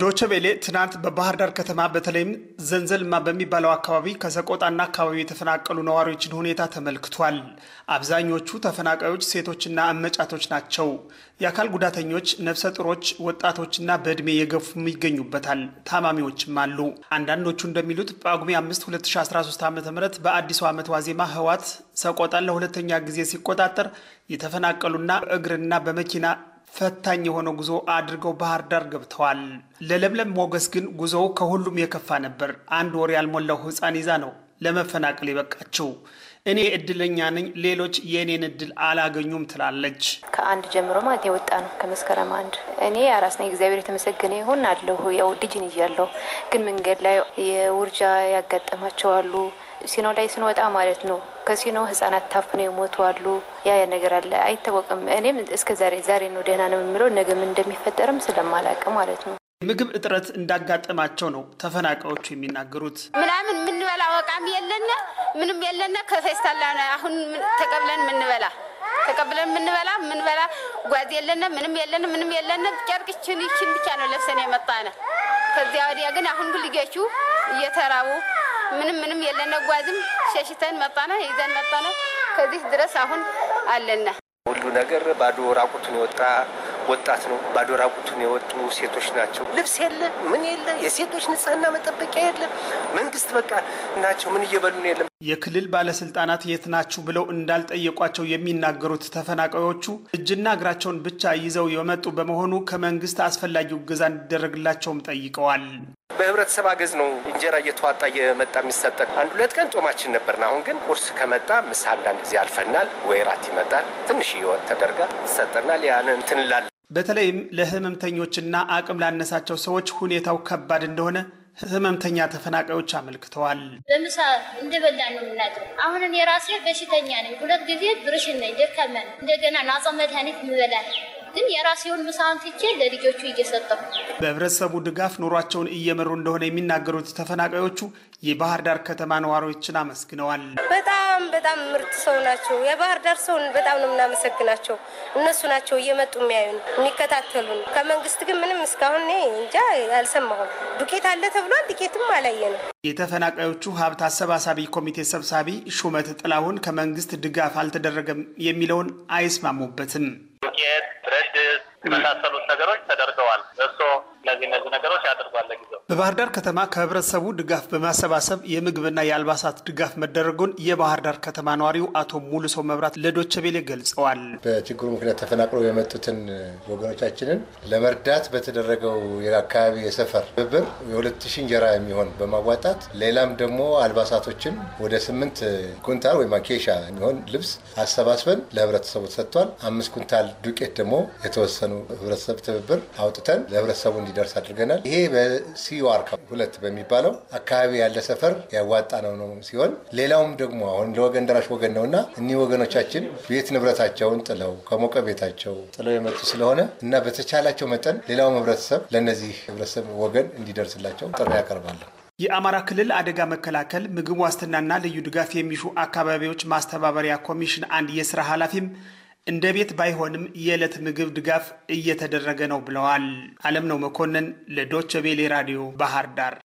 ዶቸቤሌ ትናንት በባህር ዳር ከተማ በተለይም ዘንዘልማ በሚባለው አካባቢ ከሰቆጣና አካባቢ የተፈናቀሉ ነዋሪዎችን ሁኔታ ተመልክቷል። አብዛኞቹ ተፈናቃዮች ሴቶችና እመጫቶች ናቸው። የአካል ጉዳተኞች፣ ነፍሰ ጥሮች፣ ወጣቶችና በዕድሜ የገፉም ይገኙበታል። ታማሚዎችም አሉ። አንዳንዶቹ እንደሚሉት ጳጉሜ 5 2013 ዓ ም በአዲሱ ዓመት ዋዜማ ህዋት ሰቆጣን ለሁለተኛ ጊዜ ሲቆጣጠር የተፈናቀሉና በእግርና በመኪና ፈታኝ የሆነ ጉዞ አድርገው ባህር ዳር ገብተዋል። ለለምለም ሞገስ ግን ጉዞው ከሁሉም የከፋ ነበር። አንድ ወር ያልሞላው ሕፃን ይዛ ነው ለመፈናቀል የበቃቸው። እኔ እድለኛ ነኝ፣ ሌሎች የእኔን እድል አላገኙም ትላለች። ከአንድ ጀምሮ ማለት የወጣ ነው። ከመስከረም አንድ እኔ አራስ ነኝ። እግዚአብሔር የተመሰገነ ይሁን አለሁ። ያው ልጅን እያለሁ ግን መንገድ ላይ የውርጃ ያጋጠማቸው አሉ። ሲኖ ላይ ስንወጣ ማለት ነው ከሲኖ ህጻናት ታፍነው የሞቱ አሉ። ያ ነገር አለ አይታወቅም። እኔም እስከ ዛሬ ዛሬ ነው ደህና ነው የምለው ነገም እንደሚፈጠርም ስለማላቅ ማለት ነው። ምግብ እጥረት እንዳጋጠማቸው ነው ተፈናቃዮቹ የሚናገሩት። ምናምን የምንበላ ወቃም የለነ ምንም የለነ ከፌስታላ አሁን ተቀብለን የምንበላ ተቀብለን የምንበላ ምንበላ ጓዝ የለነ ምንም የለነ ምንም የለነ ጨርቅችን ይችን ብቻ ነው ለብሰን የመጣነ። ከዚያ ወዲያ ግን አሁን ልጆቹ እየተራቡ ምንም ምንም የለነ ጓዝም ሸሽተን መጣነ ይዘን መጣነ። ከዚህ ድረስ አሁን አለነ ሁሉ ነገር ባዶ ራቁቱን ወጣ ወጣት ነው። ባዶ ራቁቱን የወጡ ሴቶች ናቸው። ልብስ የለ፣ ምን የለ፣ የሴቶች ንጽህና መጠበቂያ የለ። መንግስት በቃ ናቸው ምን እየበሉ ነው የለም። የክልል ባለስልጣናት የት ናችሁ ብለው እንዳልጠየቋቸው የሚናገሩት ተፈናቃዮቹ እጅና እግራቸውን ብቻ ይዘው የመጡ በመሆኑ ከመንግስት አስፈላጊው እገዛ እንዲደረግላቸውም ጠይቀዋል። በህብረተሰብ አገዝ ነው እንጀራ እየተዋጣ እየመጣ የሚሰጠን። አንድ ሁለት ቀን ጦማችን ነበርና አሁን ግን ቁርስ ከመጣ ምሳ አንዳንድ ጊዜ አልፈናል ወይ ራት ይመጣል። ትንሽ ህይወት ተደርጋ ይሰጠናል። ያንን ትንላል በተለይም ለህመምተኞችና አቅም ላነሳቸው ሰዎች ሁኔታው ከባድ እንደሆነ ህመምተኛ ተፈናቃዮች አመልክተዋል። በምሳ እንደበላ ነው የምናድረው። አሁንም እኔ በሽተኛ ነኝ። ሁለት ጊዜ ብርሽን ነኝ፣ ደከመን። እንደገና ናጸ መድኃኒት ምበላል ግን የራሴውን ምሳን ትቼ ለልጆቹ እየሰጠሁ በህብረተሰቡ ድጋፍ ኑሯቸውን እየመሩ እንደሆነ የሚናገሩት ተፈናቃዮቹ የባህር ዳር ከተማ ነዋሪዎችን አመስግነዋል። በጣም በጣም በጣም ምርጥ ሰው ናቸው። የባህር ዳር ሰውን በጣም ነው የምናመሰግናቸው። እነሱ ናቸው እየመጡ የሚያዩን የሚከታተሉን። ከመንግስት ግን ምንም እስካሁን እንጃ አልሰማሁም። ዱቄት አለ ተብሏል፣ ዱቄትም አላየንም። የተፈናቃዮቹ ሀብት አሰባሳቢ ኮሚቴ ሰብሳቢ ሹመት ጥላሁን ከመንግስት ድጋፍ አልተደረገም የሚለውን አይስማሙበትም። ዱቄት፣ ብረት ድስት የመሳሰሉት ነገሮች ተደርገዋል። በባህር ዳር ከተማ ከህብረተሰቡ ድጋፍ በማሰባሰብ የምግብና የአልባሳት ድጋፍ መደረጉን የባህር ዳር ከተማ ነዋሪው አቶ ሙሉ ሰው መብራት ለዶቸቤሌ ቬለ ገልጸዋል። በችግሩ ምክንያት ተፈናቅለው የመጡትን ወገኖቻችንን ለመርዳት በተደረገው የአካባቢ የሰፈር ብብር የሁለት ሺ እንጀራ የሚሆን በማዋጣት ሌላም ደግሞ አልባሳቶችን ወደ ስምንት ኩንታል ወይም አኬሻ የሚሆን ልብስ አሰባስበን ለህብረተሰቡ ተሰጥቷል። አምስት ኩንታል ዱቄት ደግሞ የተወሰኑ ህብረተሰብ ትብብር አውጥተን ለህብረተሰቡ እንዲደርስ አድርገናል። ይሄ ሲዩአር ሁለት በሚባለው አካባቢ ያለ ሰፈር ያዋጣ ነው ነው ሲሆን ሌላውም ደግሞ አሁን ለወገን ደራሽ ወገን ነው እና እኒህ ወገኖቻችን ቤት ንብረታቸውን ጥለው ከሞቀ ቤታቸው ጥለው የመጡ ስለሆነ እና በተቻላቸው መጠን ሌላውም ህብረተሰብ ለእነዚህ ህብረተሰብ ወገን እንዲደርስላቸው ጥሪ ያቀርባለሁ። የአማራ ክልል አደጋ መከላከል ምግብ ዋስትናና ልዩ ድጋፍ የሚሹ አካባቢዎች ማስተባበሪያ ኮሚሽን አንድ የስራ ኃላፊም እንደ ቤት ባይሆንም የዕለት ምግብ ድጋፍ እየተደረገ ነው ብለዋል። አለም ነው መኮንን ለዶቸ ቬሌ ራዲዮ ባህር ዳር